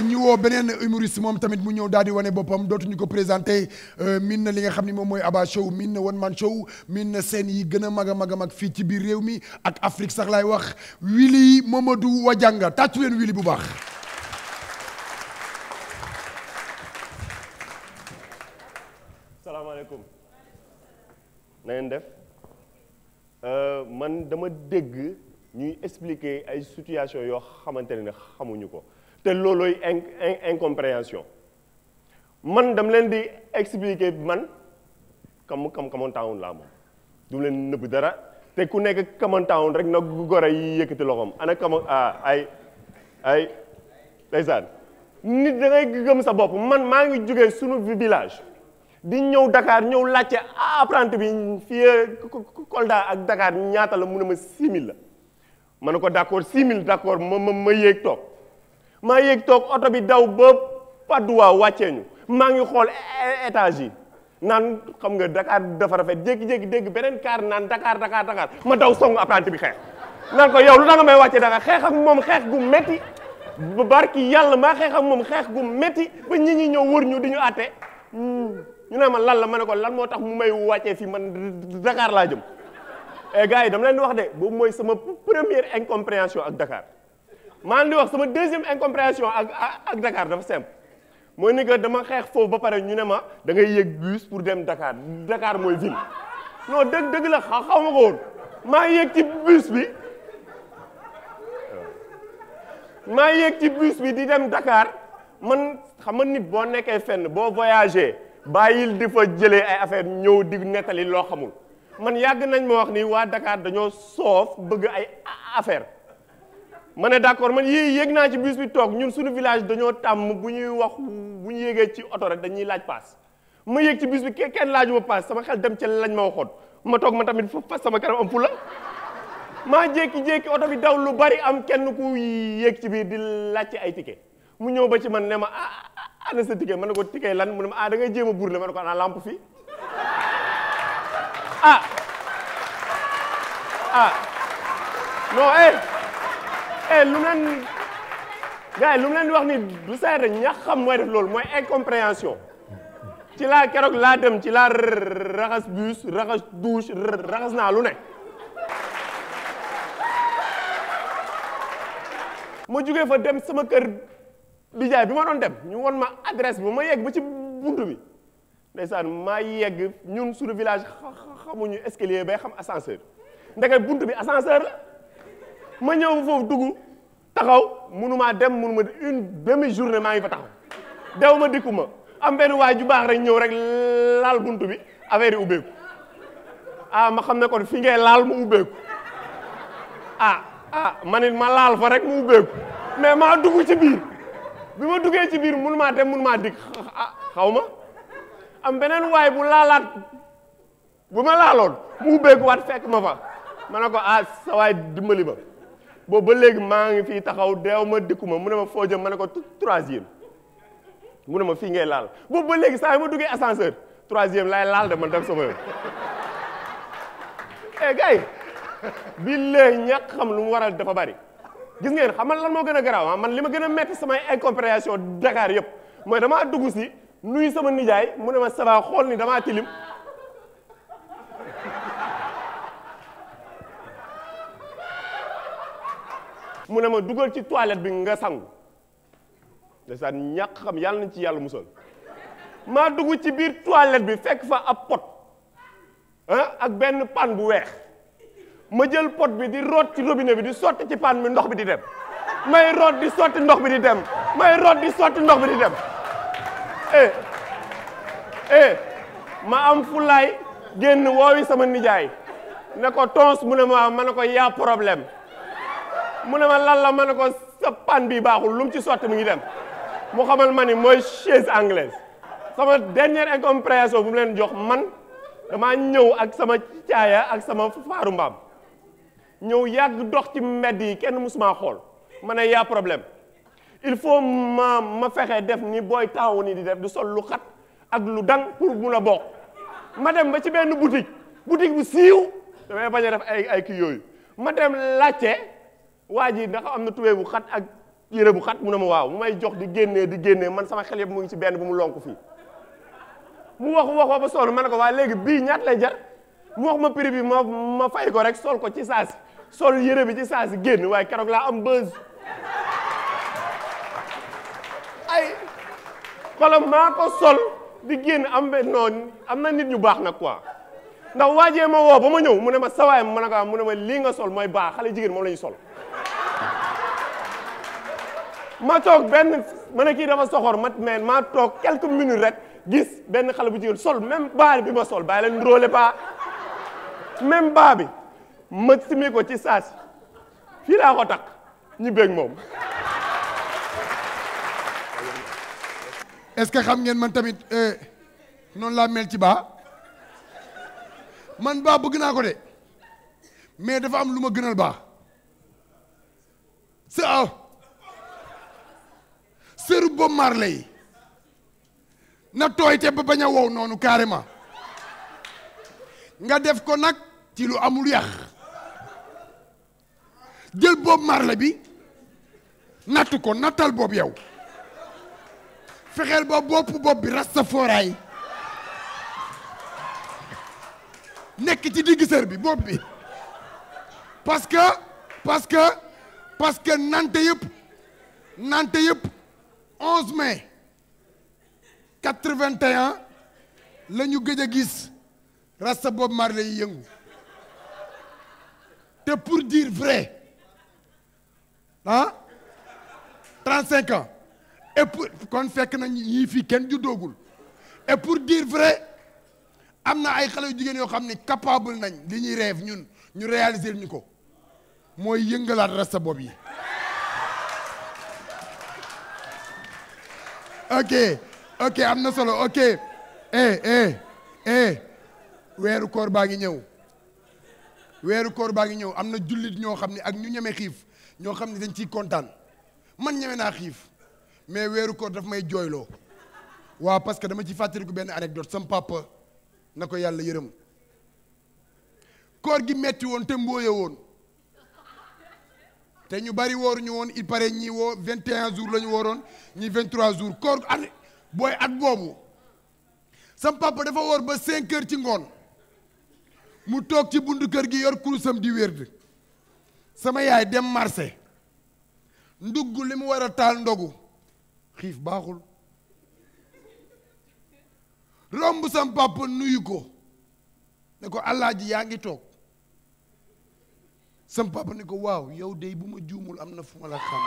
ñu woo beneen humoriste moom tamit mu ñëw daal di wane boppam dootuñu ko présenté euh, min na li nga xam ni moom mooy Aba Show min na wan Man Show miin na seen yi gën a mag a mag a fii ci biir réew mi ak Afrique sax laay wax Willy du Wadianga tàccu leen Willy bu baax. salaamaaleykum. na ngeen def euh, man dama dégg ñuy expliquer ay situation yoo xamante ne xamuñu ko. te loolooy in incompréhension man dam leen di expliquer man kam kam kamantaawun laa moom du leen nëbb dara te ku nekk kamantaawun rek na gore yi yëkkati loxoom ana kama ah ay ay ndeysaan nit da ngay sa bopp man maa ngi jógee suñu village di ñëw Dakar ñëw laajte apprenti bi fii Kolda ak Dakar ñaata la mun ne ma 6000 la ma ne ko d'accord 6000 d'accord ma ma ma yéeg toog maa yéeg toog oto bi daw ba Padoua wàccee ñu maa ngi xool étage yi naan xam nga Dakar dafa rafet jékki-jékki dégg beneen kaar naan Dakar Dakar Dakar ma daw songu apprenti bi xeex naan ko yow lu tax nga may wàccee Dakar xeex ak moom xeex gu metti ba barki yàlla maa xeex ak moom xeex gu metti ba ñi ñëw wër ñu di ñu hmm. ñu ne ma lan la ma ne ko lan moo tax mu may wàccee fii man Dakar laa jëm et eh, gars yi dama leen di wax de boobu mooy sama première incompréhension ak Dakar maa ngi wax sama deuxième incompréhension ak ak Dakar dafa simple mooy ni que dama xeex foofu ba pare ñu ne ma dangay ngay yéeg bus pour dem Dakar Dakar mooy ville non dëgg dëgg la xaw ma ko maa yéeg ci bus bi maa yéeg ci bus bi di dem dakaar man xam nga nit boo nekkee fenn boo voyagé bàyyil di fa jëlee ay affaire ñëw di nettali loo xamul man yàgg nañ ma wax nii waa Dakar dañoo soof bëgg ay affaire ma ne d'accord man yii yéeg naa ci bus bi toog ñun suñu village dañoo tàmm bu ñuy wax bu ñu yéegee ci oto rek dañuy laaj paas ma yéeg ci bus bi kenn laaju paas sama xel dem ca lañ ma waxoon ma toog ma tamit fas sama kanam am fu la maa jékki-jékki oto bi daw lu bari am kenn ku yéeg ci biir di ci ay ticket mu ñëw ba ci man ne ma ah, ah, ah ana sa ticket ma ne ko ticket lan mu ne ma ah da ngay jéem a burle ma ne ko ana lampe fii ah ah non gars yi lu mu leen wax ni du saa rek ñax xam mooy def loolu mooy incompréhension ci laa keroog laa dem ci laa raxas bus raxas douche raxas naa lu ne. ma jógee fa dem sama kër Bijaay bi ma doon dem ñu won ma adresse bi ma yegg ba ci bunt bi ndeysaan maa yegg ñun suñu village xamuñu escalier bay xam ascenseur ndeke bunt bi ascenseur ma ñëw foofu dugg. taxaw mënumaa dem mënuma une demi journée maa ngi fa taxaw dew ma dikku ma am benn waay ju baax rek ñëw rek laal buntu bi affaire yi ubbeeku ah ma xam ne ko fi ngay laal mu ubbeeku ah ah man it ma laal fa rek mu ubbeeku mais maa dugg ci biir bi ma duggee ci biir mënumaa dem maa dikk ah, xaw ma am beneen waay bu laalaat bu ma laaloon mu ubbeeku waat fekk ma fa ma ne ko ah sa waay dimbali ma boobu ba léegi maa ngi fii taxaw deew ma dikku ma mu ne ma foo jëm ma ne ko troisième mu ne ma fii ngay laal boobu ba léegi saa yi ma duggee ascenseur troisième laay laal de man dem sama yoon eh gars yi bi léegi xam lu mu waral dafa bari gis ngeen xam lan moo gën a garaaw ah, man li ma gën a metti samay incompréhension Dakar yëpp mooy dama dugg si nuyu sama nijaay mu ne ma ça va xool ni damaa tilim mu ne ma dugal ci toilette bi nga sangu ndeysaan ñàkk xam yàlla nañ ci yàlla musal maa dugg ci biir toilette bi fekk fa ab pot ak benn pan bu weex ma jël pot bi di root ci robinet bi di sotti ci pan bi ndox bi di dem may root di sotti ndox bi di dem may root di sotti ndox bi di eh, eh, ma am fulaay génn woowi sama nijaay ne ko tons mu ne ma ma ne ko yaa problème mu ne ma lan la ma ne ko sa pan bi baaxul lu mu ci sotti mu ngi dem mu xamal ma ni mooy chaise anglaise sama dernière incompréhension bu mu leen jox man damaa ñëw ak sama caaya ak sama faaru mbaam ñëw yàgg dox ci mbedd yi kenn musuma xool ma ne yaa problème il faut ma ma fexe def ni booy taawu nii di def du sol lu xat ak lu dang pour mu la bokk ma dem ba ci benn boutique boutique bu siiw damay bañ a def ay ay kii yooyu ma dem laajte waa ji ndax am na tubéy bu xat ak yére bu xat mu ne ma waaw mu may jox di génnee di génnee man sama xel yëpp mu ngi ci benn bu mu lonk fii mu wax waxoo ba sonn ma ne ko waa léegi bii ñaat lay jar mu ma prix bi ma ma ko rek sol ko ci saasi sol yére bi ci saasi génn waaye keroog laa am buzz ay xolam maa ko sol di génn am be noon am na nit ñu baax nag quoi ndax waajee ma woo ba ma ñëw mu ne ma sawaay ma ne ko mu ne ma lii nga sol mooy baax xale jigéen moom la sol ma toog benn ma ne kii dafa soxor ma mais ma toog quelques minutes rek gis benn xale bu jigéen sol même baa bi ma sol bàyyi leen róole baa même baa bi ma simi ci saas fii laa ko takk ñu bëgg moom est-ce que xam ngeen man tamit euh, noonu laa mel ci baa man baa bëgg naa ko de mais dafa am lu ma gënal baa sa Bob yi na tooy te ba bañ a wow noonu carrément nga def ko nag ci lu amul yàq jël Bob Marley bi natt ko nattal bopp yow fexeel ba bopp bopp bi rastaforaay nekk ci digg sër bi bopp bi parce que parce que parce nante yëpp nante yëpp 11 mai 81 la ñu gëj a gis rasta Bob Marley yi yëngu te pour dire vrai ah 35 ans et pour kon fekk nañ ñii fii kenn juddoogul et pour dire vrai am na ay xale yu jigéen yoo xam ne capable nañ li ñuy rêve ñun ñu réaliser ñu ko mooy yëngalaat rasta yi. ok ok am na solo ok eh eh eh weeru koor baa ngi ñëw weeru koor baa ngi ñëw am na jullit ñoo xam ne ak ñu ñeme xiif ñoo xam ne dañ ciy kontaan man ñeme naa xiif mais weeru koor daf may jooyloo waa parce que dama ci fàttaliku benn anecdote sam papa na ko yàlla yërëm koor gi metti woon te mbooye woon te ñu bari wooru ñu woon il paraît ñi woo 21 jours la ñu wooroon ñi 23 jours koor at booy ak boobu sam dafa woor ba 5 kër ci ngoon mu toog ci buntu kër gi yor kurusam di wérd sama yaay dem marché ndugg li mu war a taal ndogu xiif baaxul romb sam nuyu ko ne ko alaaji yaa ngi toog sam papa ni ko waaw yow dey bu ma juumul am na fu ma la xam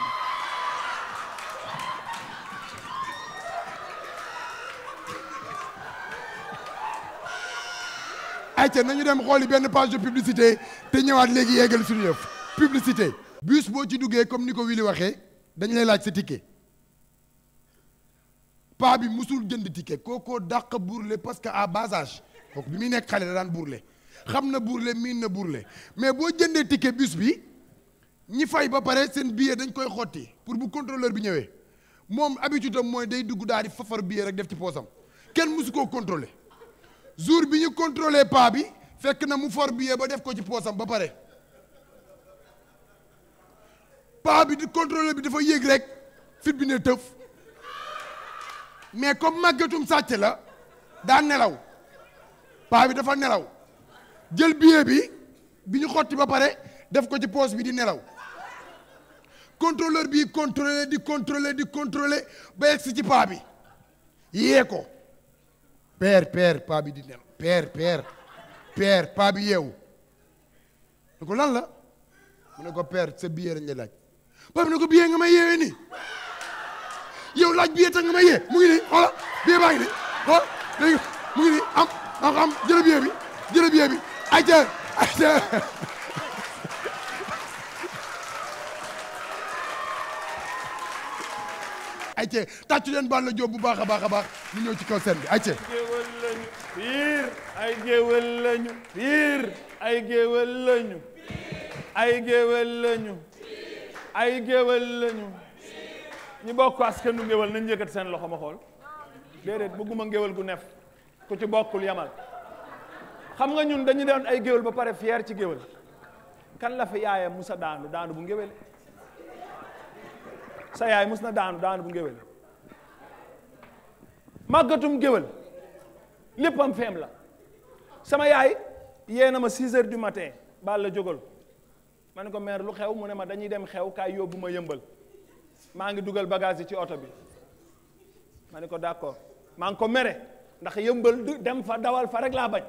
ayca nañu dem xooli benn page de publicité te ñëwaat léegi yeggal suñu yëf publicité bus boo ci duggee comme ni ko Willy waxee dañu lay laaj sa ticket paa bi musul jënd ticket kookoo dàq burle parce que à bas âge bi muy nekk xale la daan burle xam na buur Bourlé miin na Bourlé mais boo jëndee ticket bus bi ñi fay ba pare seen billet dañ koy xotti pour bu contrôleur bi ñëwee moom habitude am mooy day dugg daal di fafar billet rek def ci poosam kenn mësu koo contrôler jour bi ñu contrôler pas bi fekk na mu for billet ba def ko ci poosam ba pare pas bi di contrôleur bi dafa yéeg rek fit bi ne tëf mais comme màggatum sàcc la daa nelaw paa bi dafa nelaw jël billet bi bi ñu xotti ba pare def ko ci poche bi di nelaw contrôleur bi contrôlé di contrôlé di contrôlé ba egsi ci paa bi yee ko père père paa bi di nelaw père père père paa bi yeewu ne ko lan la mu ne ko père sa billet lañ la laaj paa bi ne ko billet nga may yeewee laaj billet tax nga may yee mu ngi nii xoola billet baa ngi mu ngi nii am am am jël billet jël billet ayca ayca ayca tàccu leen Balla Diop bu baax a baax a baax ñu ñëw ci kaw seen bi ayca. géwël lañu piir ay géwël lañu piir ay géwël lañu ay géwël lañu ay géwël lañu ñu bokk askanu géwël nañu yëkkat seen loxo ma xool déedéet bëgguma géwël gu neef ku ci bokkul yamal xam nga ñun dañu doon ay géwél ba pare fier ci géwél kan la fi yaayam musa daanu daanu bu ngéwél sa yaay mus na daanu daanu bu ngéwél màggatum géwél léppam feem la sama yaay yee na ma 6 heures du matin baal la jógal ma ne ko mer lu xew mu ne ma dañuy dem xew kaay yóbbu yëmbal maa ngi dugal bagage yi ci oto bi ma ne ko d'accord maa ngi ko mere ndax yëmbal dem fa dawal fa rek laa bañ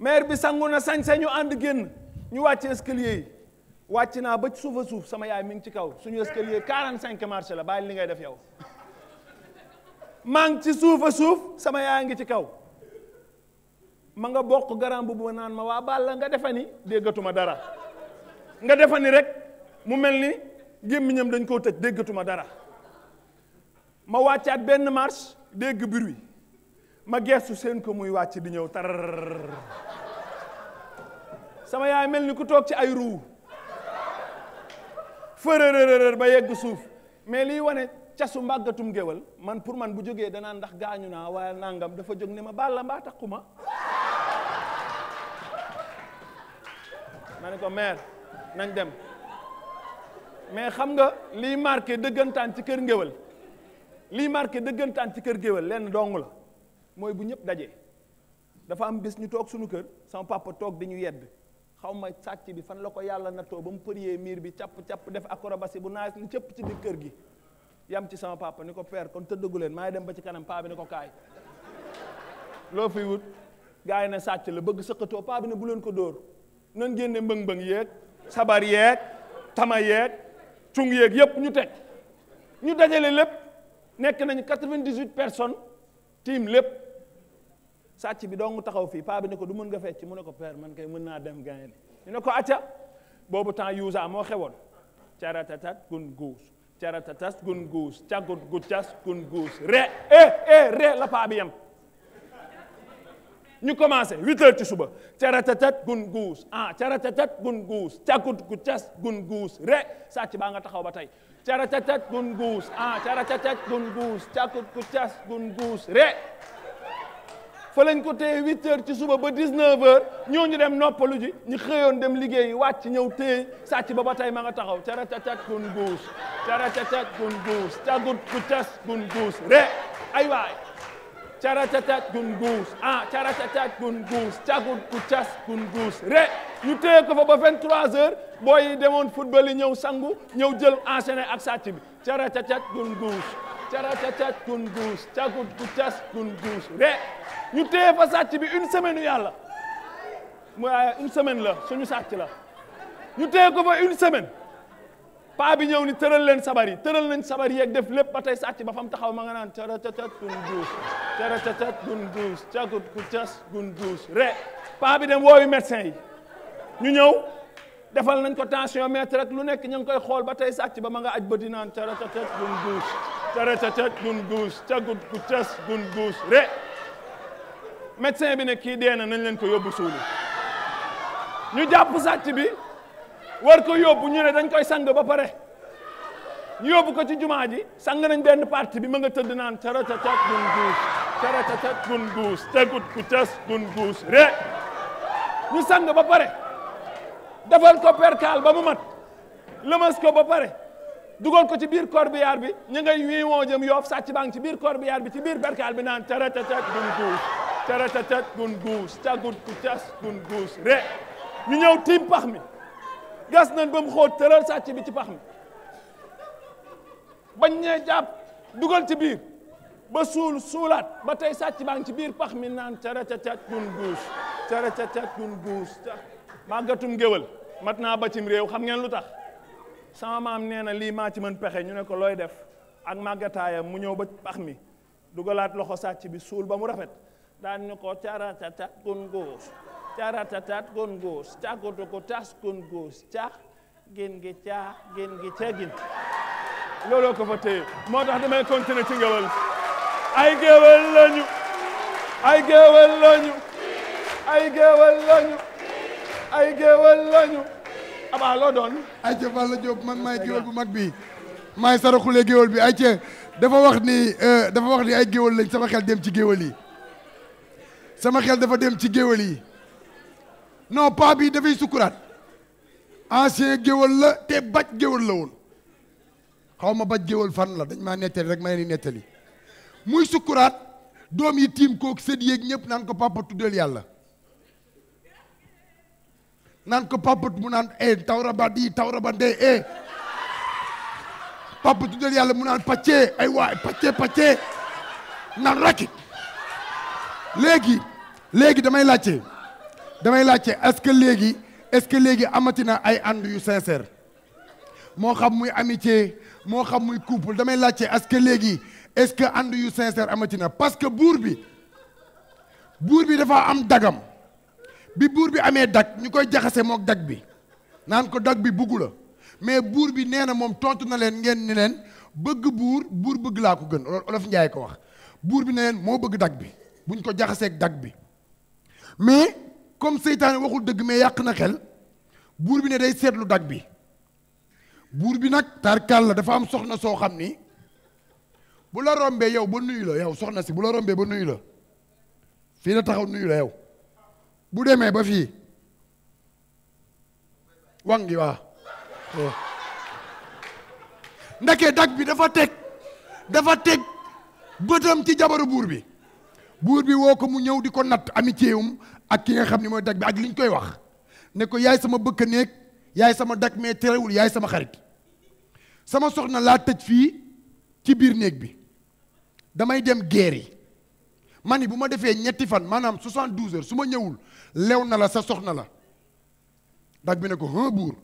maire bi sangu na sañse ñu ànd génn ñu wàcc escalier yi wàcc naa ba suuf suuf sama yaay mi ngi ci kaw suñu escalier cinq marché la bàyyi li ngay def yow maa ngi ci suuf a suuf sama yaay ngi ci kaw ma nga bokk garam bu bu naan ma waa la nga defa ni déggatuma dara nga defa ni rek mu mel ni gémmiñam dañ koo tëj déggatuma dara ma wàccaat benn marche dégg bruit ma geestu seen ko muy wàcc di ñëw tar sama yaay mel ni ku toog ci ay ruu fërërërër ba yegg suuf mais liy wane casu mbàggatum géwal man pour man bu jógee danaan ndax gaañu naa waaye nangam dafa jóg ne ma baal la mbaa takku ma ma ne ko mère nañ dem mais xam nga liy marqué dëggantaan ci kër ngéwal liy marqué dëggantaan ci kër géwal lenn dong la mooy bu ñëpp dajee dafa am bis ñu toog suñu kër sama papa toog bi ñu yedd xaw ma sàcc bi fan la ko yàlla nattoo ba mu përiyee miir bi capp capp def acrobatie bu naaj li cëpp ci biir kër gi yam ci sama papa ni ko per kon tëddagu maay dem ba ci kanam paa bi ni ko kaay loo fiy wut gars yi ne sàcc la bëgg sëqatoo paa bi ne bu leen ko dóor nan génne mbëng-mbëng yeeg sabar yeeg tama yeeg cung yéeg yépp ñu teg ñu dajale lépp nekk nañu 98 personnes tiim lépp sàcc bi dong taxaw fi paa bi ne ko du mën nga fecc mu ne ko père man kay mën naa dem gaynde ñu ne ko acca boobu temps yuusa moo xewoon caratatat gun guus caratatas gun guus cagut gu cas gun guus re e e re la paa bi yem ñu commencé huit heures suba caratatat gun guus ah caratatat gun guus cagut gu cas gun guus re sàcc nga taxaw ba tey caratatat gun guus ah caratatat gun guus gun guus re fa lañ ko téye huit ci suba ba dix neuf heures ñooñu dem noppalu ji ñu xëyoon dem liggéeyi wàcc ñëw téye sàcc ba ba tey ma nga taxaw caracacat gun guus caracacat gun guus cagut ku cas gun guus re ay waay caracacat gun guus ah caracacat gun guus cagut ku cas gun guus re ñu téye ko fa ba vingt trois heures booy yi demoon football yi ñëw sangu ñëw jël enchaîné ak sàcc bi caracacat gun guus caracacat gun guus cagut ku cas gun guus re ñu téye fa sàcc bi une semaine yàlla mu euh, une semaine la suñu sàcc la ñu téye ko fa une semaine paa bi ñëw ni tëral leen sabar yi tëral nañ sabar yeeg def lépp ba tey sàcc ba fam taxaw ma nga naan cara cacat gun duus cara cacat gun duus cagut ku cas gun duus re paa bi dem wooyu médecin yi ñu ñëw defal nañ ko tension mètre rek lu nekk ñu ngi koy xool ba tey sàcc ba ma nga aj ba di naan cara ca gun duus cara cacat gun duus cagut ku cas gun duus re médecin bi ne kii dee na nañ leen ko yóbbu suuli ñu jàpp sàcc bi war ko yóbbu ñu ne dañ koy sang ba pare ñu yóbbu ko ci jumaa ji sang nañ benn parti bi ma nga tëdd naan caratatat gun guus caratatat gun guus tegut ku tes gun guus re ñu sang ba pare defal ko perkaal ba mu mat lëmas ko ba pare dugal ko ci biir corbillard bi ñu ngay wiiwoo jëm yoof sàcc baa ngi ci biir corbillard bi ci biir perkaal bi naan caratatat gun guus caratatat gun guus cagut ku cas gun guus re mu ñëw tiim pax mi gas nañ ba mu xóot tëral sàcc bi ci pax mi bañ ñee jàpp dugal ci biir ba suul suulaat ba tey sàcc baa ngi ci biir pax mi naan ca caratatat gun guus ca gun guus màggatum géwal mat naa ba cim réew xam ngeen lu tax sama maam nee na lii maa ci man pexe ñu ne ko looy def ak màggataayam mu ñëw ba pax mi dugalaat loxo sàcc bi suul ba mu rafet daan ni ko caratatat gon góos caratatat gon góos cagoto cax gén gi caax gén gi cagin looloo ko fa téye moo tax damay continuer ci ngewal ay géwél ay géwél lañu ay géwél lañu ay loo doon ay ca Balla Diop man maay géwél bu mag bi maay saraxulee géwél bi ay ca dafa wax ni euh, dafa wax ni ay géwél lañ sama xel dem ci géwél yi sama xel dafa dem ci géwél yi non paa bi dafay sukkuraat ancien géwél la te baj géwél la woon xaw ma baj géwél fan la dañ maa nettali rek ma leen nettali muy sukkuraat doom yi tiim kook sët yéeg ñëpp naan ko papa tuddeel yàlla naan ko papa mu naan e tawra ba eh. yàlla mu naan pàccee ay waay pàccee pàccee naan rakit léegi léegi damay laajte damay laajte est léegi est-ce que léegi amatina ay ànd yu sincère moo xam muy amitié moo xam muy couple damay laajte est-ce léegi est-ce que ànd yu sincère amatina parce que buur bi buur bi dafa am dagam bi buur bi amee dag ñu koy jaxase mook dag bi naan ko dag bi buggu la mais buur bi nee na moom tontu na leen ngeen ni leen bëgg buur buur bëgg laa ko gën loolu olof njaay ko wax buur bi ne leen moo bëgg dag bi buñ ko jaxaseeg dag bi mais comme seytaane waxul dëgg mais yàq na xel buur bi ne day seetlu dag bi buur bi nag tarkal la dafa am soxna soo xam ni bu la rombee yow ba nuyu la yow soxna si bu la rombee ba nuyu la fii la taxaw nuyu la yow bu demee ba fii wangi waa oh. ndake dag bi dafa teg dafa teg bëtam ci jabaru buur bi buur bi woo ko mu ñëw di ko natt amitié wum ak ki nga xam ne mooy dag bi ak li koy wax ne ko yaay sama bëkk néeg yaay sama dag mais terewul yaay sama xarit sama soxna laa tëj fii ci biir néeg bi damay dem guerre yi ni bu ma defee ñetti fan maanaam soixante-douze heures su ma ñëwul lew na la sa soxna la dag bi ne ko hë buur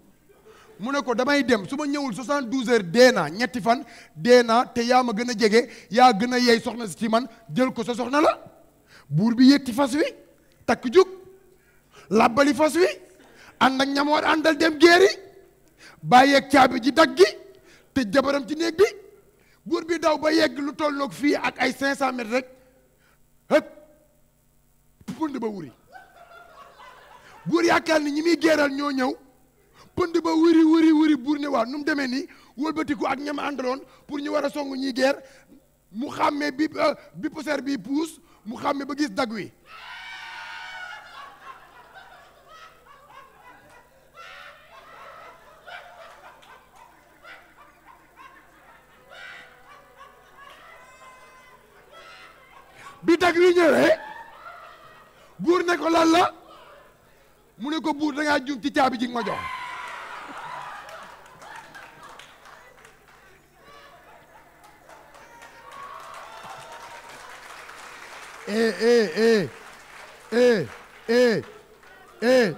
mu ne ko damay dem su ma ñëwul 72 heures dee naa ñetti fan dee naa te yaa ma gën a jege yaa gën a yey soxna si ci man jël ko sa soxna la buur bi yëg ci fas wi takk jug labbali fas wi ànd ak ñamoor àndal dem géeri bàyyeeg caabi ji daggi te jabaram ci néeg bi buur bi daw ba yegg lu tolloog fii ak ay 500 mètres rek hët pund ba wuri buur yaakaar ni ñi muy géeral ñoo ñëw pënd ba wëri wëri wëri buur ne waaw nu mu demee nii wëlbatiku ak ñam àndaloon pour ñu war a song ñuy guerre mu xàmmee bi euh, bi poseer bi puus mu xàmmee ba gis dag wi bi dag wi ñëwee buur ne ko lan mu ne ko buur da ngaa ci caabi ji nga ma Eh eh, eh eh eh eh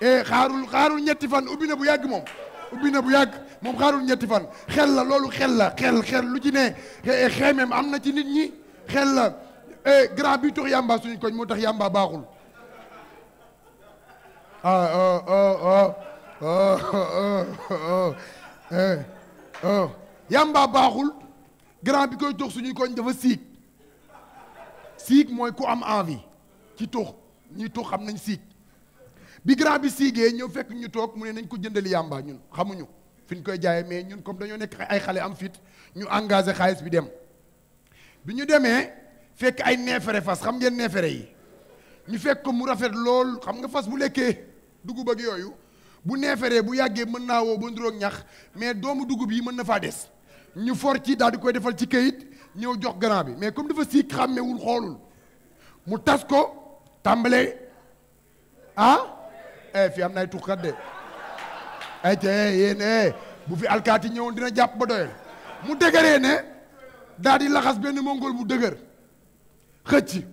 eh xaarul xaarul ñetti fan ubbi na bu yàgg moom ubbi na bu yàgg moom xaarul ñetti fan xel la loolu xel la xel xel lu ci ne eh, xeemeem am na ci nit ñi xel la grand bi tox yàmba suñu koñ moo tax yàmba baaxul ah, ah, ah, yàmba baaxul grand bi koy tox suñuy koñ dafa siig siig mooy ku am envie ci tuux ñi tuux xam nañ siig bi grand bi siigee ñëw fekk ñu toog mu ne nañ ko jëndal yàmba ñun xamuñu fi ñu koy jaaye mais ñun comme dañoo nekk ay xale am fit ñu engagé xaalis bi dem bi ñu demee fekk ay neefere fas xam ngeen neefere yi ñu fekk ko mu rafet lool xam nga fas bu lekkee dugub ak yooyu bu neeferee bu yàggee mën naa woo ba nduróog ñax mais doomu dugub yi mën na faa des ñu for ci daal di koy defal ci kayit ñëw jox grand bi mais comme dafa sii xàmmewul xoolul mu tas ko tàmbalee ah eh fii am na ay tuxkat de ay eh, ca eh, yéen eh bu fi alkaati ñëwoon dina jàpp ba mu dëgëree ne daal di laxas benn mongol mu dëgër xëcc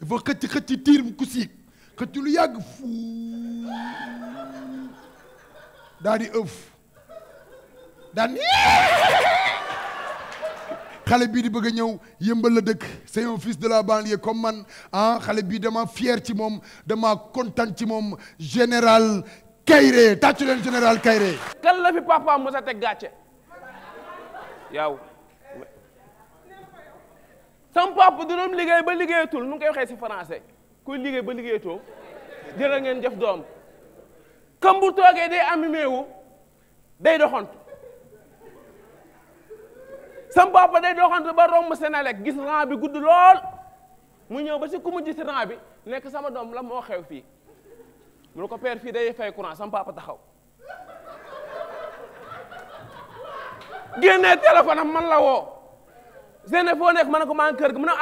dafa xëcc xëcc tiir mu ku siig xëcc lu yàgg fuu daal di ëf daan xale bii di bëgg ñëw yëmbal la dëkk c'est un fils de la banlieue comme man ah xale bii dama fier ci moom dama kontaan ci moom général Kayré tàccu leen général Kayré. kan la fi papa mos a teg gàcce yow sam papa dinoom liggéey ba liggéeyatul nu ngi koy waxee si français kuy liggéey ba liggéeyatoo jërë ngeen jëf doom kam bu toogee day am méewu day doxantu. sam papa day doxantu ba romb Senelec gis rang bi gudd lool mu ñëw ba si ku mu gis rang bi nekk sama doom la moo xew fii mu ne ko père fii day fay courant sam papa taxaw génnee téléphone am man la woo génne foo nekk ma ne ko maa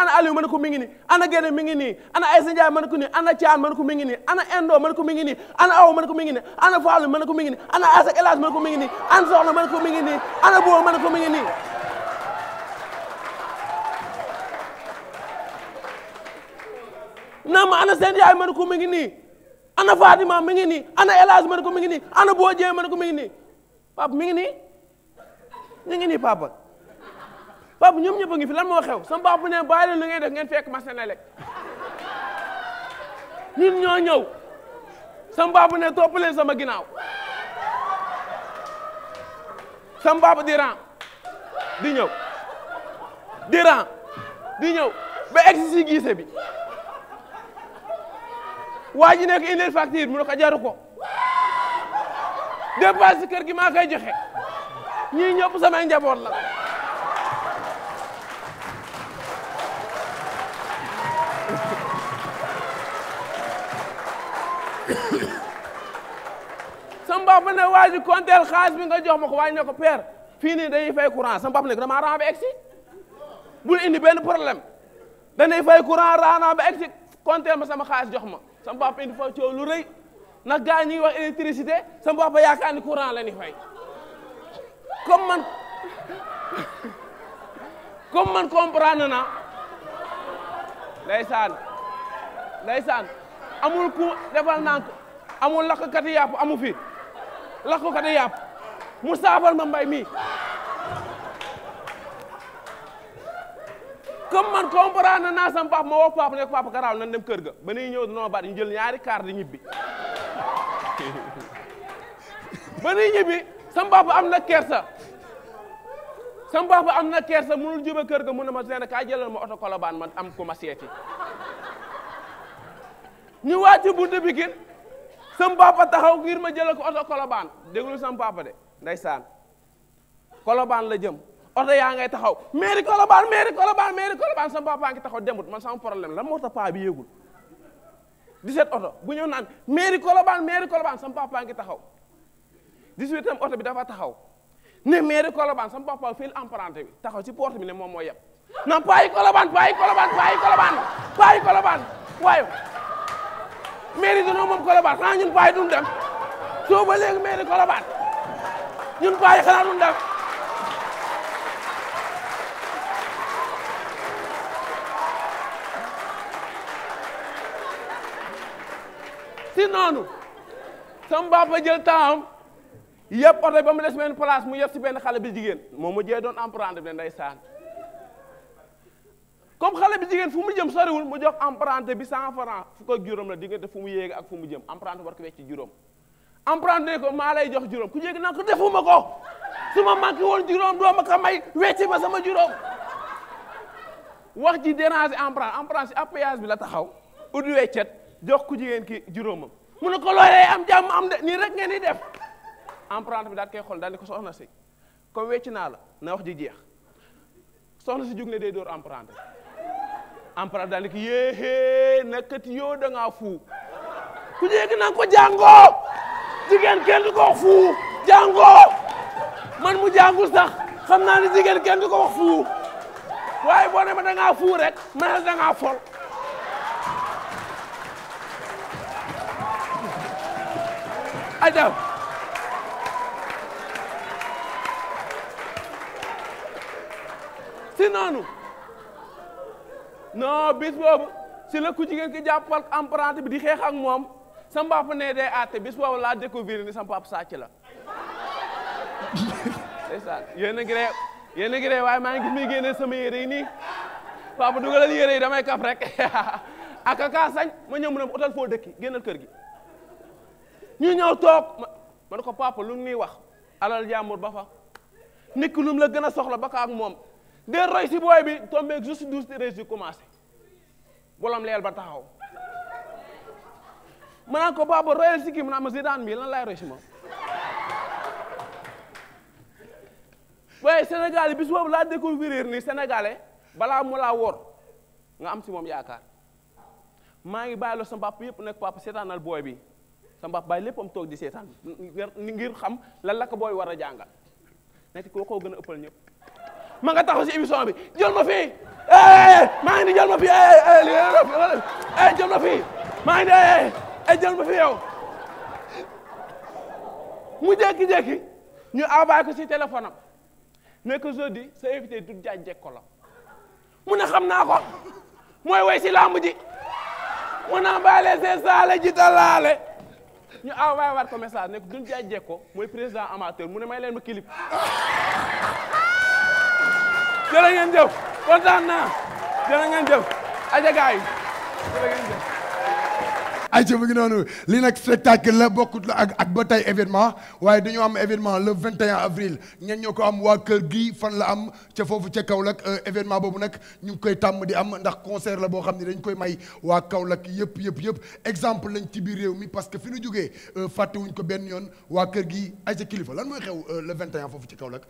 ana Aliou ma ne ko mi ngi nii ana Géné mi ana Aïssa Ndiaye ma ne ko ana Thiam ma ne ko mi ngi ana Endo ma ne ko mi ngi nii ana Aw ma ne ko mi ngi nii ana Fallou ma ne ko mi ngi nii ana Asak Elage ma ne ko mi ana Soxna ma ne ko mi ngi ne naa ma ana seen ma ne ko mi ngi nii ana Fatima mi ngi nii ana El Hadj ma ne ko mi nii ana Boje ma ne ko mi ngi nii papa mi ngi nii ñu ngi nii papa papa ñoom ñëpp a ngi fi lan moo xew sama papa ne bàyyi leen li ngay def ngeen fekk mas na lekk ñun ñoo ñëw papa ne topp sama ginnaaw sama papa di ran di ñëw di di ñëw ba egg si gisee bi. waa ji nekk indil facture mu ne ko jaru ko dépense kër gi maa koy joxe ñii ñëpp samay njaboot la sama mbaax ne waa ji konteel xaalis bi nga jox ma ko waa ne ko père fii nii dañuy fay courant sama mbaax ne damaa ran ba egg si bul indi benn problème dañuy fay courant ran ba egg konteel ma sama xaalis jox ma sama papa indi fa coow lu rëy na gars yi ñuy wax électricité sama papa yaakaar ni courant la ni fay comme man comme man comprendre na ndeysaan ndeysaan amul ku defal nank amul lakk kati yàpp amu fi lakk kati yàpp mu saafal ma mbay mi comme man comprendre naa sama ma woo papa ne ko papa garaaw nan dem kër ga ba nuy ñëw dinoo baat ñu jël ñaari kaar di ñibbi ba nuy ñibbi sama am na kersa sama papa am na kersa mënul jube kër ga mu ne ma seen kaa jëlal ma oto kolobaan man am ku ma seeti ñu wàcc buntu bi gin sama taxaw ngir ma jëlal ko oto kolobaan déglu sama papa de ndeysaan kolobaan la jëm oto yaa ngay taxaw mairie Colobane mairie Colobane mairie Colobane sama papa ngi taxaw demut man sama problème lan moo tax paa bi oto bu ñëw naan mairie Colobane mairie Colobane sama papa ngi taxaw 18 am oto bi dafa taxaw ne mairie Colobane sama papa fii la emprunté bi taxaw ci porte bi ne moom moo yeb naan paa yi Colobane paa yi Colobane paa yi Colobane paa yi Colobane waaye mairie dañoo moom Colobane xanaa ñun dem soo ba léegi mairie Colobane ñun paa yi xanaa si noonu sama papa jël temps am yëpp oto ba mu des benn place mu yëpp si benn xale bi jigéen moom mu jee doon emprunté bi ndeysaan comme xale bi jigéen fu mu jëm soriwul mu jox emprunté bi cent franc fukk ko juróom la diggante fu mu yéeg ak fu mu jëm emprunté war ko wecc juróom emprunté ko maa lay jox juróom ku yéeg naa ko defuma ko su ma manqué woon juróom doo ma ko may wecci ma sama juróom wax ji déranger emprunté emprunté si appayage bi la taxaw ut weccet jox ku jigéen ki juróomam mu ne ko am jàmm am de nii rek ngeen di def empreinte bi daal koy xool daal di soxna si comme wecc naa la na wax ji jeex soxna si jug ne day door empreinte empreinte daal di ko yéexee nakkat yoo da ngaa fuu ku jigéen na nga ko jigéen kenn du ko man mu jàngul sax xam naa ne jigéen kenn du waaye boo demee da ngaa fuu rek man da ngaa fol ajab si noonu non bis boobu si la ku jigéen ki jàppal emprunté bi di xeex ak moom sama papa ne day bis boobu laa découvrir ni sama papa sàcc la ndeysaan yéen a ngi ree waaye maa ngi gis muy génne sama yére yi nii dugalal yére damay kaf rek ak aka sañ ma ñëw mu ne utal foo dëkki génnal kër gi ñu ñëw toog ma ne ko papa lu ñuy wax alal jàmbur ba fa nit ki lu la gën a soxla ba ka moom de roy si booy bi tombeeg juste douze treize yu commencé bolom leel ba taxaw ma naan ko papa royal si kii mu naa ma Zidane bi lan laay roy si moom waaye Sénégal bis boobu laa découvrir ni sénégalais balaa mu laa wor nga am si moom yaakaar maa ngi bàyyi la sama papa yëpp nekk papa seetaanal booy bi sa mbaax bàyyi léppam toog di seetaan ngir xam lan la ko booy war a jàngal nekk koo gën a ëppal ñëpp ma nga taxaw si émission bi jël ma fii eh, maa ngi jël ma fii yow mu jékki-jékki ñu envoyé si téléphone am ne que jeudi sa invité du jaaj jekko la mu xam naa ko mooy way si làmb mu naa baale see saale ji talaale ñu envoyé waat ko message ne duñ jaay jekko mooy président amateur mu ne may leen ma clip. jërë ngeen jëf kontaan naa jërë ngeen jëf aja gaay ayca mu ngi noonu lii nag spectacle la bokkut la ak ak ba tey événement waaye dañoo am événement le 21 avril ñen ñoo ko am waa kër gi fan la am ca foofu ca Kaolack euh, événement boobu nag ñu ngi koy tàmm di am ndax concert la boo xam ne dañ koy may waa Kaolack yëpp yëpp yëpp exemple lañ ci biir réew mi parce que fi ñu jógee euh, fàttewuñ ko benn yoon waa kër gi ayca kilifa lan mooy xew euh, le 21 foofu ci Kaolack.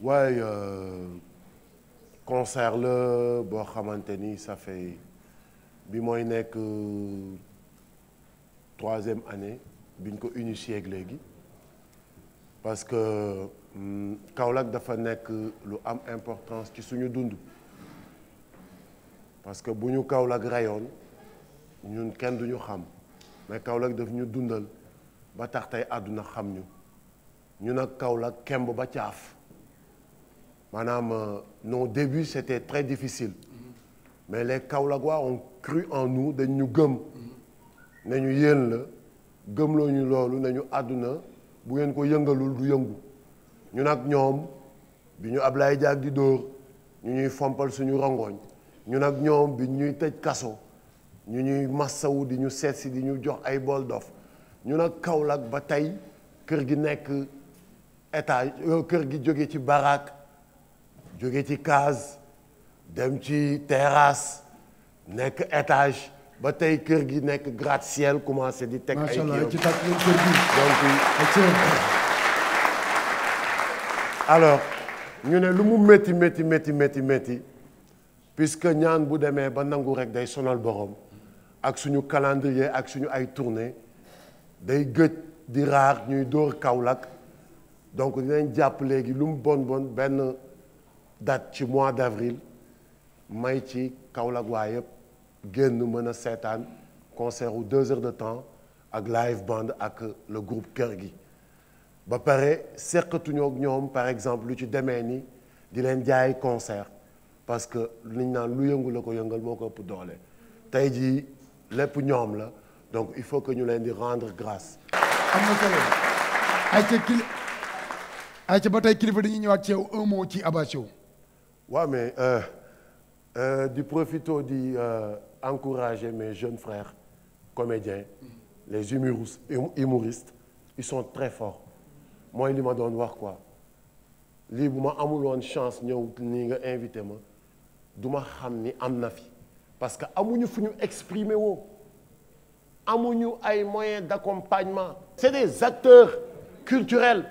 waaye concert xamante ni ça fait. bi mooy nekk euh, troisième année bi ñu ko initié ak léegi parce que Kaolack dafa nekk lu am importance ci suñu dund parce que bu ñu Kaolack rayoon ñun kenn duñu xam mais Kaolack daf ñu dundal ba tax tey àdduna xam ñu ñu nag Kaolack kemb ba caaf maanaam euh, nos débuts c'était très difficile mm-hmm. mais les Kaolackois ont cru en nous dañ ñu gëm nañu ñu yéen la gëmloo ñu loolu nañu àdduna bu ngeen ko yëngalul du yëngu ñu nag ñoom bi ñu lay Diack di dóor ñu ñuy fompal suñu rongoñ ñu nag ñoom bi ñuy tëj kaso ñu ñuy massawu di ñu seetsi di ñu jox ay bool dof ñu nag Kaolack ba tey kër gi nekk état euh, kër gi jóge ci baraak jóge ci case dem ci terrasse nekk étage ba tey kër gi nekk gratte-ciel commencé di teg ay kii donc ñu ne lu mu métti métti métti métti puisque ñaan bu demee ba nangu rek day sonal borom ak suñu calendrier ak suñu ay tournée day gëj di raar ñuy dóor Kaolack donc dinañ jàpp léegi lu mu bon bon benn date ci mois d'avril may ci Kaolack waa yëpp génn mën a seetaan concert wu deux heures de temps ak live band ak le groupe kër gi ba pare seqatuñoo ak ñoom par exemple lu ci demee ni di leen jaay concert parce que liñ naan lu yëngu la ko yëngal moo ko ëpp doole tey jii lépp ñoom la donc il faut que ñu leen di rendre grace am na solo ayca kili ba tey kilifa dañuy ñëwaat ci yow un mot ci Abba Show. waaw mais euh, euh, di profito di. Euh, encourager mes jeunes frères comédiens mm. les humoristes humoristes ils sont très forts mooy li ma doon wax quoi lii bu ma amul woon chance ñëw nii nga invité ma du ma xam ni am na fi parce que amuñu fu ñu exprimer woo amuñu ay moyens d'accompagnement c'est des acteurs culturels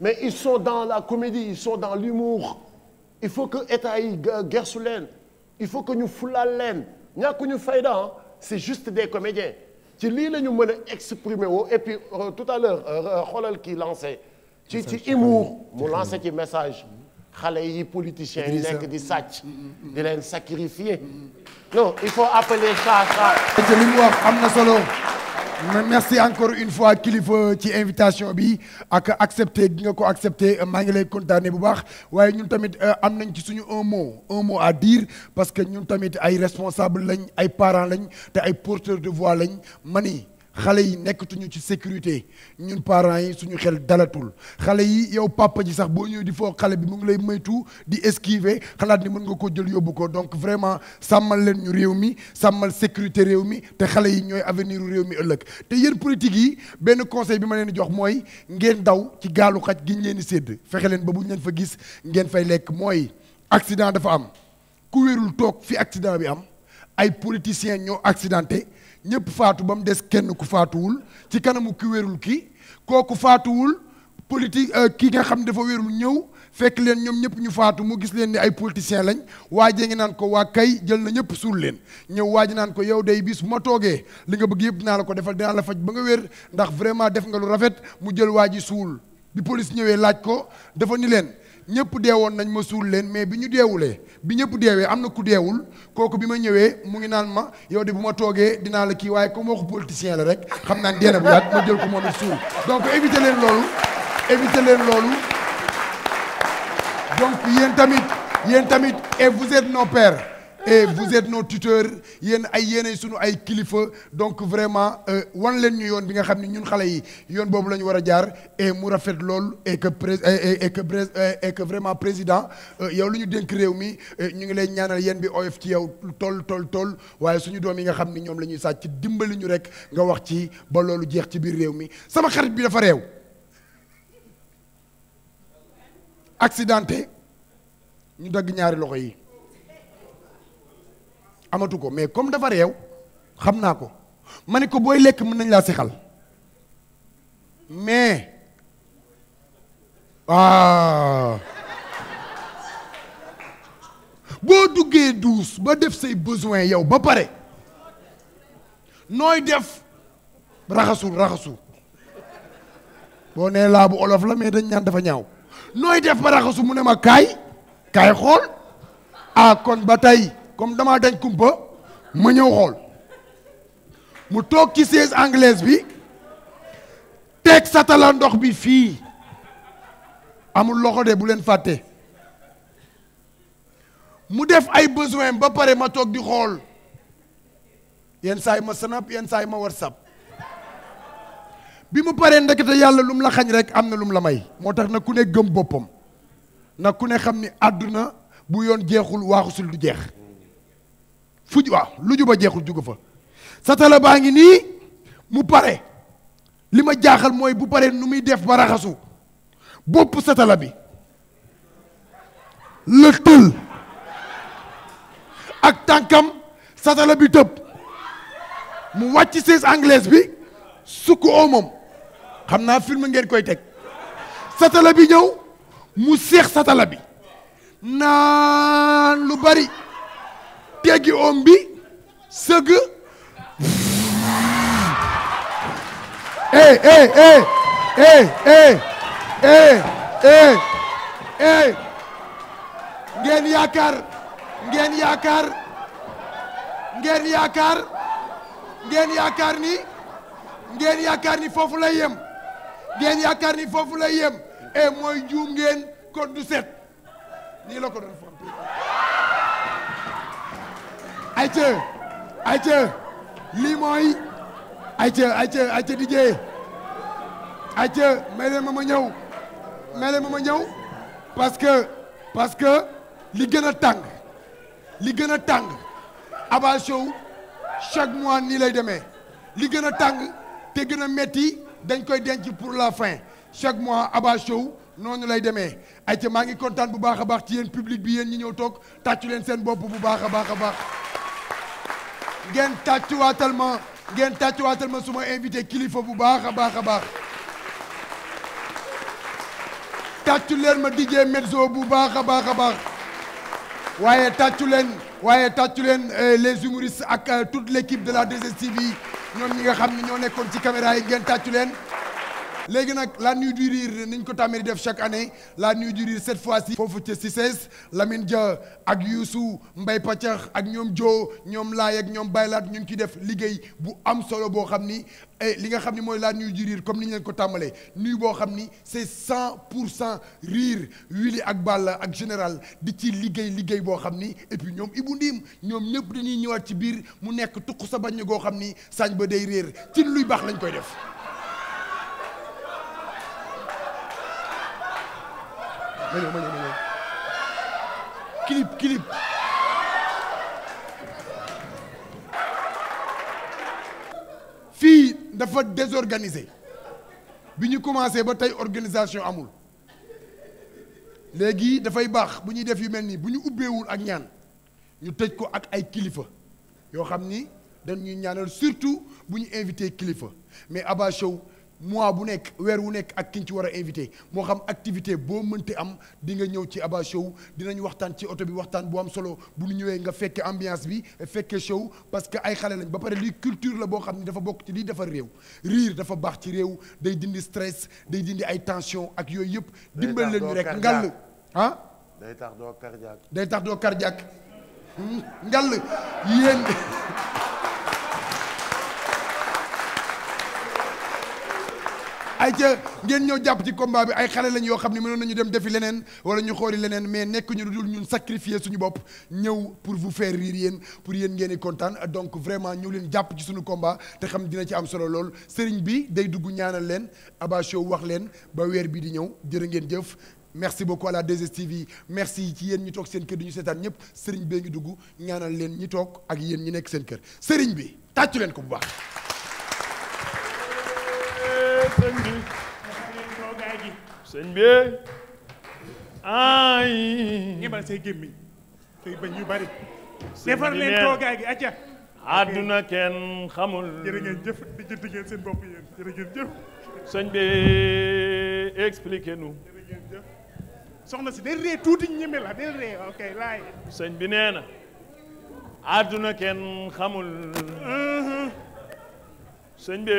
mais ils sont dans la comédie ils sont dans l'humour il faut que état yi gersu leen il faut que ñu fulal leen ñàkkuñu fayda ah c'est juste des comédiens ci lii la ñu mën a exprimer woo et puis euh, tout à l'heure euh, euh, xoolal euh, kii lancé ci ci humour mu lancé ci message xale yi politiciens yi nekk di sàcc mm, mm, mm, di leen sacrifier non il faut appeler ça ça li mu wax am na solo merci encore une fois kilifa ci invitation bi ak accepté gi nga ko accepté maa ngi lay kontaane bu baax waaye ñun tamit euh, am nañ ci suñu un mot un mot à dire parce que ñun tamit ay responsable lañ ay parent lañ te ay porteurs de voix lañ mani xale yi nekkatuñu ci sécurité ñun parents yi suñu xel dalatul xale yi yow papa ji sax boo ñëwee di foo xale bi mu ngi lay moytu di eskive xalaat ni mën nga ko jël yóbbu ko donc vraiment sàmmal leen ñu réew mi sàmmal sécurité réew mi te xale yi ñooy avenir réew mi ëllëg te yéen politique yi benn conseil bi ma leen di jox mooy ngeen daw ci gaalu xaj gi ñu leen di sédd fexe leen ba buñ leen fa gis ngeen fay lekk mooy accident dafa am ku wérul toog fi accident bi am ay politiciens ñoo accidenté ñëpp faatu ba mu des kenn ku faatuwul ci kanamu ki wérul ki kooku faatuwul politique euh, ki nga xam dafa wérul ñëw fekk leen ñoom ñëpp ñu faatu mu gis leen ni ay politiciens lañ waajee ngi naan ko waa kay jël na ñëpp suul leen ñëw waaji naan ko yow day bis bu ma toogee li nga bëgg yëpp naa la ko defal dinaa la faj ba nga wér ndax vraiment def nga lu rafet mu jël waa ji suul di police ñëwee laaj ko dafa ni leen ñëpp deewoon nañ ma suul leen mais bi ñu deewulee bi ñëpp deewee am na ku deewul kooku bi ma ñëwee mu ngi naan ma yow de bu ma toogee dinaa la kii waaye comme waxu politicien la rek xam naa deena bu yàgg ma jël ko moom it suul donc éviter leen loolu éviter leen loolu donc yéen tamit yéen tamit et vous êtes et vous êtes nos tuteurs yéen ay yéenay suñu ay kilifa donc vraiment euh, wan leen ñu yoon bi nga xam ne ñun xale yi yoon boobu la ñu war a jaar et mu rafet lool et vraiment président euh, yow lu ñu dénk réew mi euh, ñu ngi lay ñaanal yéen bi oyof ci yow toll toll toll waaye suñu doom yi nga xam ni ñoom la ñuy sàcc dimbali ñu rek nga wax ci ba loolu jeex ci biir réew mi sama xarit bi dafa réew accidenté ñu dagg ñaari loxo yi. amatu ko mais comme dafa réew xam naa ko ma ne ko booy lekk mën nañu laa sexal mais ah. boo duggee douze ba def say besoin yow ba pare nooy def raxasu raxasu boo nee laa bu olof la mais dañ ñaan dafa ñaaw nooy def ba raxasu mu ne ma kaay kaay xool ah kon ba tey comme damaa dañ kumpa ma ñëw xool mu toog ci sees anglaise bi teg satala ndox bi fii amul loxo de bu leen fàtte mu def ay besoin ba pare ma toog di xool yenn saay ma snap yenn saay ma whatsapp bi mu paree ndekete yàlla lu mu la xañ rek am na lum la may moo tax na ku ne gëm boppam na ku ne xam ni àdduna bu yoon jeexul waaxusul du jeex fu waaw lu juba jeexul juga fa satala baa ngi nii mu pare li ma jaaxal mooy bu pare nu muy def ba raxasu bopp satala bi la tël ak tànkam satala bi tëb mu wàcc siis anglaise bi sukk oomam xam naa film ngeen koy teg satala bi ñëw mu seex satala bi naan lu bari teggi om bi sëgg eh eh eh eh eh eh eh eh ngeen yaakaar ngeen yaakaar ngeen yaakaar ngeen yaakaar ni ngeen yaakaar ni foofu lay yem ngeen yaakaar ni foofu lay yem e mooy du set nii la ko ayca ayca lii mooy ayca ayca ayca DJ ayca may leen ma ma ñëw may leen ma ma ñëw parce que parce que li gën a tàng li gën a tàng Abba Show chaque mois nii lay demee li gën a tàng te gën a metti dañ koy denc pour la fin chaque mois Abba Show noonu lay demee ayca maa ngi kontaan bu baax a baax ci yéen public bi yéen ñi ñëw toog tàccu leen seen bopp bu baax a baax a baax ngeen tàccuwaatal ma ngeen tàccuwaatal ma suma invité kilifa bu baax a baax a baax tàccu leen ma DJ Medzo bu baax a baax a baax waaye tàccu leen waaye tàccu leen eh, les humoristes ak eh, toute l'équipe de la 2STV ñoom ñi nga xam ne ñoo nekkoon ci caméra yi ngeen tàccu leen léegi nag la nuit du rire niñ ko tàmmee def chaque année la nuit du rire cette fois-ci foofu ca Cissesse Lamine Dia ak Youssou mbay Paccax ak ñoom jo ñoom Laay ak ñoom Baylaat ñu ngi ciy def liggéey bu am solo boo xam ni li nga xam ni mooy laa nuit du rire comme ni ñu leen ko tàmbalee nuit boo xam ni c'est cent pour cent riir Willy ak Balla ak général di ci liggéey liggéey boo xam ni et ñoom Ibou Ndim ñoom ñëpp dañuy ñëwaat ci biir mu nekk tuq sa bañ goo xam ni sañ ba day réer ci luy baax lañ koy def ma ñëw ma ñëw fii dafa désorganisé bi ñu commencé ba tey organisation amul léegi dafay baax bu ñuy def yu mel nii bu ñu ubbeewul ak ñaan ñu tëj ko ak ay kilifa yoo xam ni dañuy ñaanal surtout bu ñu invité kilifa mais Abba Show mois bu nekk weer wu nekk ak kiñ ci war a invité moo xam activité boo mënti am di nga ñëw ci Abba Show dinañu waxtaan ci oto bi waxtaan bu am solo bu ñu ñëwee nga fekke ambiance bi fekke show parce que ay xale lañ ba pare lii culture la boo xam ne dafa bokk ci lii defar réew riir dafa baax ci réew day dindi stress day dindi ay tension ak yooyu yëpp dimbal leen ñu rek ngàll ah day tax doo cardiaque day tax doo cardiaque hmm? ay ca ngeen ñëw jàpp ci combat bi ay xale lañ yoo xam ne mënoon nañu dem defi leneen wala ñu xooli leneen mais nekk ñu dul ñun sacrifier suñu bopp ñëw pour vous faire rire yéen pour yéen ngeen di kontaan donc vraiment ñëw leen jàpp ci suñu komba te xam dina ci am solo lool sëriñ bi day dugg ñaanal leen Abba Show wax leen ba weer bi di ñëw jërë ngeen jëf merci beaucoup à la 2STV merci ci yéen ñi toog seen kër di ñu seetaan ñëpp sëriñ bee ngi dugg ñaanal leen ñi toog ak yéen ñi nekk seen kër sëriñ bi tàccu leen ko bu baax sëñ bi dafa bi ay ñebal yu bari defar leen toogaay gi acca àdduna kenn xamul jërë ngeen bi expliquez nous soxna si del ree tuuti ñeme la del ree ok bi nee na àdduna kenn xamul uh-huh. sëñ bi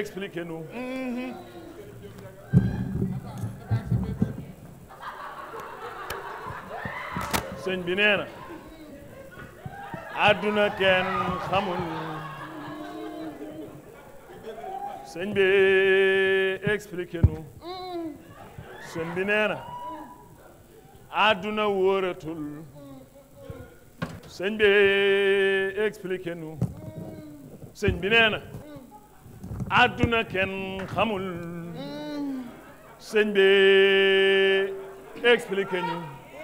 expliquez nous. sëñ bi nee na. àdduna kenn xamul. sëñ bi expliquez nous. sëñ bi nee na. àdduna wóoratul. sëñ bi expliquez nous. sëñ bi nee na àdduna kenn xamul sëñ bi expliqué ñu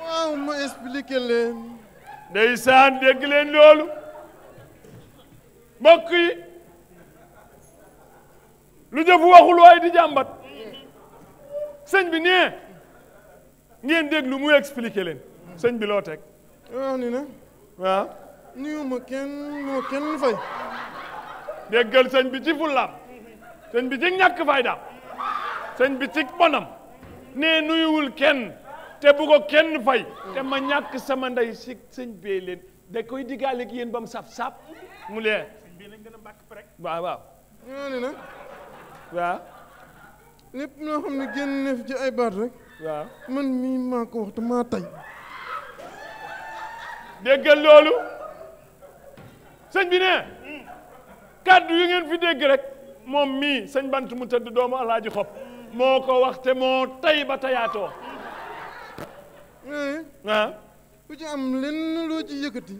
waaw mu expliqué leen ndeysaan dégg leen loolu mbokk lu jëf waxul waaye di jàmbat sëñ bi nee ngeen déglu mu expliqué leen sëñ bi loo teg waaw ni na waaw nuyu ma kenn ma kenn fay déggal sëñ bi ci fullaam sëñ bi ci ñàkk faydaam sëñ bi ci bonam nee nuyuwul kenn te bu ko kenn fay te ma ñàkk sama ndey si sëñ bee leen da koy diggaale ak ba mu saf-saf mu lee waaw waaw ñoo ne nag waaw lépp loo xam ne génn na fi ci ay baat rek waaw man mii maa ko wax te maa tay déggal loolu sëñ bi ne kàddu yu ngeen fi dégg rek moom mii sëñ bant mu tëdd doomu alaaji xob moo ko wax te moo tay ba tayaatoo eh? waaw ku ci am lenn loo ci yëkkati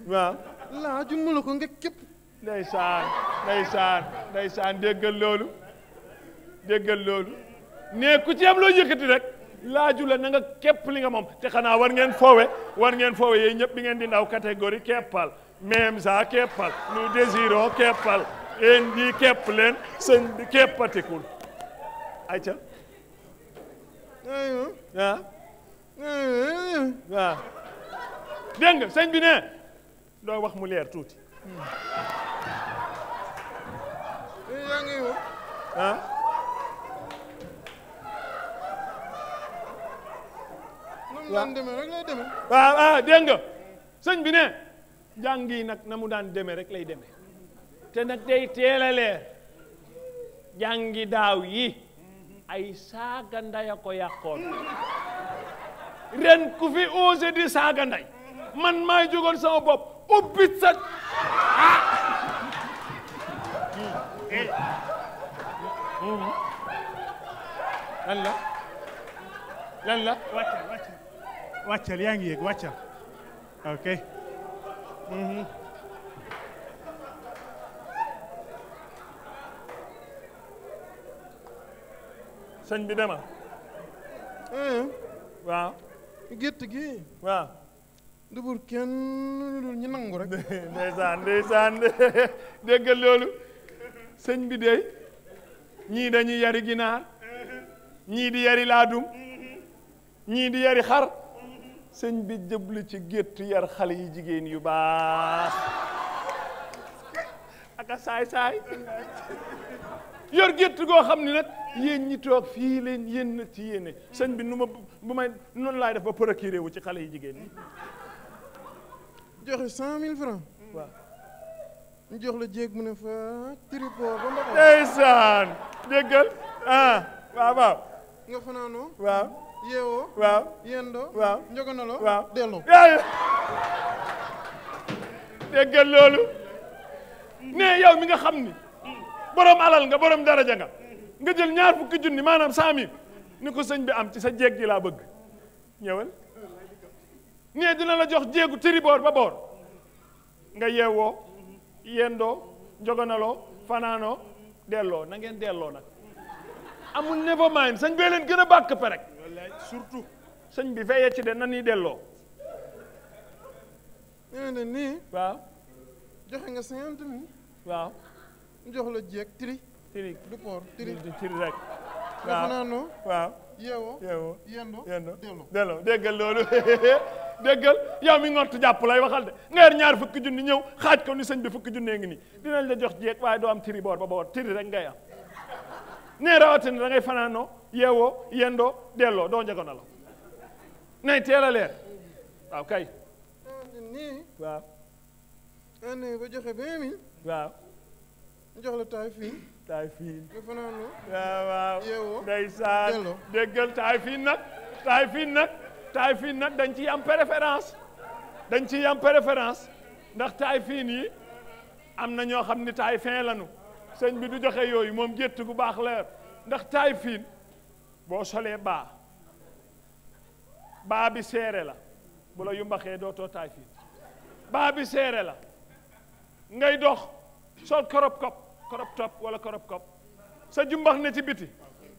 laaju mu la ko nga képp ndeysaan ndeysaan ndeysaan déggal loolu déggal loolu ne ku ci am loo yëkkati rek laaju la na nga képp li nga moom te xanaa war ngeen foowe war ngeen foowe yéen ñëpp bi ngeen di ndaw catégorie keppal même ça keppal nous désirons keppal yéen ji kepp leen sëñ bi keppatikul ayca waaw ah. ah. waaw dégg sëñ bi ne doo wax mu leer tuuti yaa ngi ah waaw ah, sëñ bi ne jàng yi nag na mu daan demee rek lay deme te nag day teel a jàngi daaw yi ay saaga ndaya ko yàqoon ren ku fi osé di saaga nday man maa jógoon sama bopp ubbit sa ah lan la lan la wàccal wàccal wàccal yaa ngi yëg wàccal ok mm-hmm. sëñ bi demal. Eh? waaw. gétt gi. waaw. du pour kenn ñu nangu rek. ndeysaan ndeysaan déggal loolu sëñ bi dey ñii dañuy yar ginaar ñii di yari laadum ñii di yari xar sëñ bi jëblu ci gétt yar xale yi jigéen yu baa aka saay saay yor gétt goo xam ne nag yéen ñi toog fii leen yéen nag ci yéene sëñ bi nu ma bu may noonu laay def ba procuré wu ci xale yi jigéen ñi joxe cent mille francs waaw ñu jox la jéeg mu ne fa tripo ba mba ndeysaan déggal ah waaw nga loolu ne yow mi nga xam ni borom alal nga borom daraja nga nga jël ñaar fukki junni maanaam cent ni ko sëñ bi am ci sa jéeg ji laa bëgg ñëwal nee dina la jox jéegu tëri boor ba boor nga yeewoo yendoo njogonaloo fanaanoo delloo na ngeen delloo nag amul never mind sëñ bee leen gën a bàkk perek surtout sëñ bi fee yecc de na nii delloo nee na nii waaw joxe nga cinquante mille waaw ñu jox la jéeg tiri. tiri du port tiri tiri rek. waaw defe naa noo. waaw yeewoo yeewoo yendoo delloo delloo déggal jàpp lay waxal de ñaar fukki junni ñëw xaaj ko ni sëñ am tiri boor ba boor tiri rek ngay am nee rawatina da ngay fanaanoo yeewoo yendoo delloo doo njëgoon a la nay teel a leer waaw kay. nii waaw. année ba joxe vingt mille waaw. jox la taay fii taay fii nga fanaanu waaw waaw yeewoo ndeysaan déggal taay fii nag taay fii nag taay fii nag dañ ciy am préférence dañ ci am préférence ndax taay fii nii am na ñoo xam ni taay fin lanu sëñ bi du joxe yooyu moom gétt gu baax leer ndax taay fiin boo solee baa baa bi seere la bu la yu mbaxee dootoo taay fiin baa bi seere la ngay dox sol korop kop korop top wala korop kop sa jumbax ne ci biti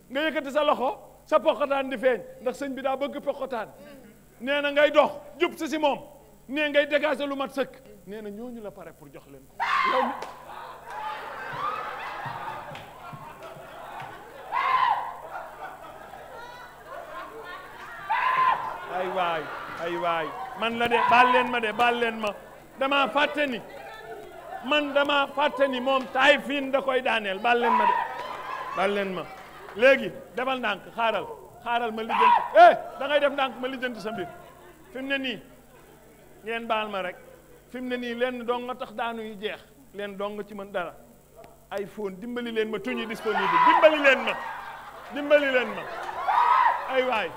nga yëkkati sa loxo sa poqotaan di feeñ ndax sëñ bi daa bëgg poqotaan nee na ngay dox jub si si moom nee ngay dégager lu mat sëkk nee na ñooñu la pare pour jox leen ko ay waay ay waay man la de baal leen ma de baal leen ma dama fàtte ni man dama fàtte ni moom taay fiin da koy daaneel bal ma de bal leen ma léegi defal ndànk xaaral xaaral ma lijjanti eh da def ndànk ma lijjanti sa mbir fi mu ne nii ngeen baal ma rek fi mu ne nii leen dong nga tax daanu yu jeex leen dong nga ci mën dara ay phone dimbali leen ma tuñu disponible dimbali leen ma dimbali leen ay waay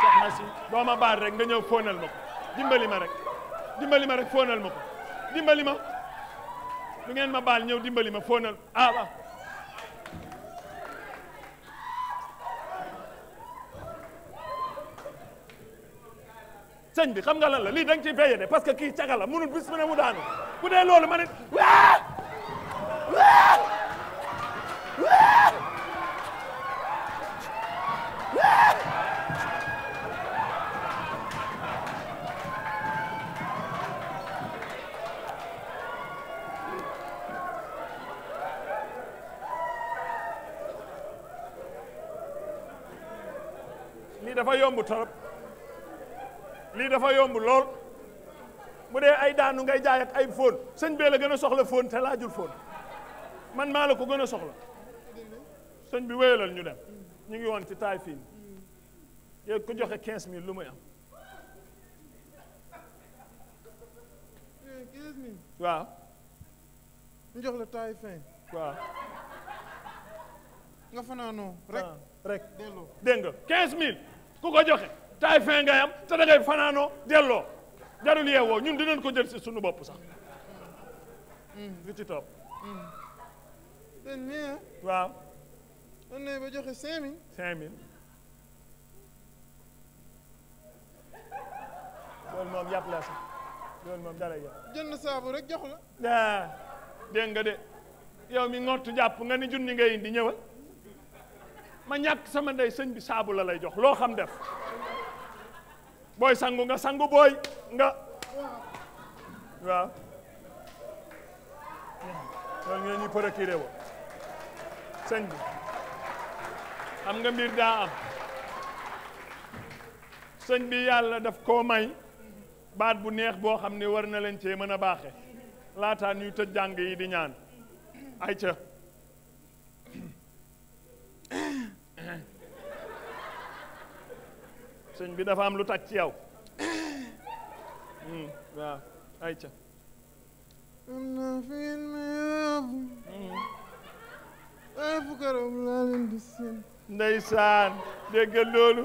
soxna si doo ma baal rek nga ñëw fóonal ma dimbali ma rek dimbali ma rek fóonal ma ko dimbali ma du ngeen ma baal ñëw dimbali ma fóonal ah waaw bi xam nga lan la lii da nga ciy paye de parce que kii caga la munul bis mu mu daanu bu dee loolu ma ne waa waa waa waa dafa yomb torop lii dafa yomb lool bu dee ay daanu ngay jaay ay fóon sëñ bee la gën a soxla fóon te laajul fóon man maa la ko gën a soxla sëñ bi wéyalal ñu dem ñu ngi woon ci taay fii yow ku joxe quinze mille lu muy am waaw ñu jox la taay fin waaw nga fanaanoo rek ah, rek dégg nga quinze mille ku ko joxe taay fin ngay am te da fanaanoo delloo jarul yeewoo ñun dinañ ko jël si suñu bopp sax ci topp ah. waaw on ne ba joxe cinq mille cinq la sax loolu moom rek jox la ah, dégg nga de yow mi ngottu jàpp nga ni junni nga indi ñëwal ma ñàkk sama ndey sëñ bi saabu la lay jox loo xam def booy sangu nga sangu booy nga waaw loolu ngeen ñu procuré wo sëñ bi am nga mbir daa am sëñ bi yàlla def koo may baat bu neex boo xam ni war na leen cee mën a baaxe laataa ñuy tëj jàng yi di ñaan ay ca sëñ bi dafa am lu tàj ci yow hmm, waaw ayca am hmm. ndeysaan dégg loolu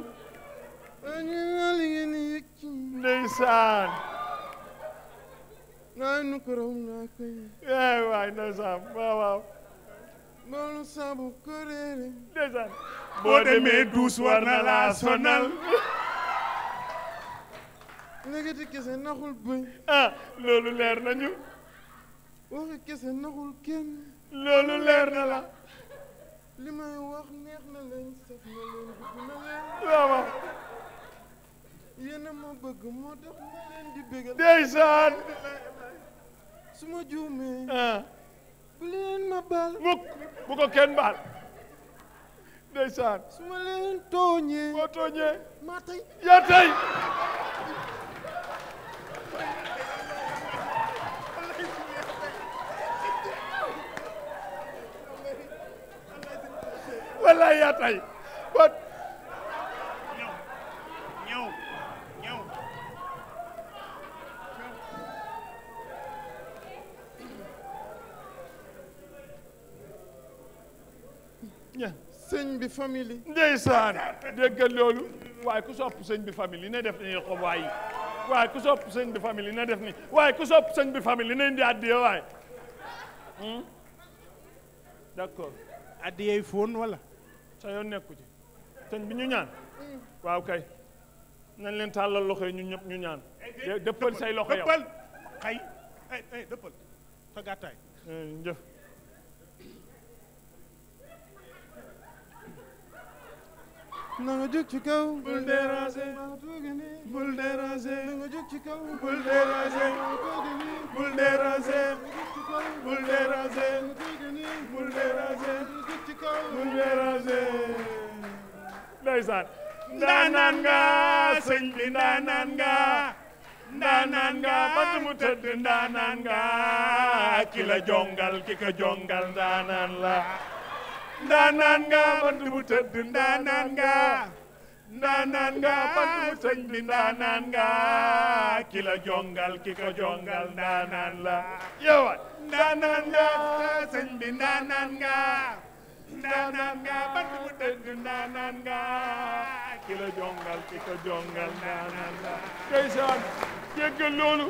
ndeysaan eh, waay ndeysaan waaw waaw loolu saabu kuréel. dèjà boo demee douze war na laa sonal. léegi kese naxul bëñ. Ah, loolu leer nañu. waxi kese naxul kenn. loolu leer na la. li may wax neex na leen saf na leen na leen. waaw. yéen a ma bëgg moo tax leen di bëggal. dèjà. su ma juumee. Ah. bu leen ma baal mukk bu kenn baal ndeysaan su ma leen tooñee boo tooñee yaa tey wallaay yaa tey ña sëñ bi famille. ndeysaan déggal loolu waaye ku sopp sëñ bi famille ne def nii waaye ku sopp sëñ bi famille ne def nii waaye ku sopp sëñ bi famille ne indi addiye waaye hmm? d'accord addiyey foon wala sa yoon nekku ci sëñ bi ñu ñaan waaw kay nañ leen tàllal loxo yi ñu ñëpp ñu ñaan dëppal say loxo yow dëppal sa gàttaay eh, jëf na nga jóg ci kaw. bul déranger. bul déranger. na nga jóg ci kaw. bul déranger. bul déranger. bul déranger. bul déranger. bul déranger. ndeysaan. ndaanaan nga sëñ bi ndaanaan nga. ndaanaan nga ba mu tëdd ndaanaan nga. ki la jongal ki ko jongal ndaanaan la. ndaanaan nga bant bu tëdd ndaanaan nga nga bant bu sëñ bi ndaanaan nga ki la jongal ki ko jongal ndaanaan nga sëñ bi ndaanaan nga ndaanaan nga bant bu tëdd ndaanaan nga ki jongal ki ko jongal ndaanaan la kay saan loolu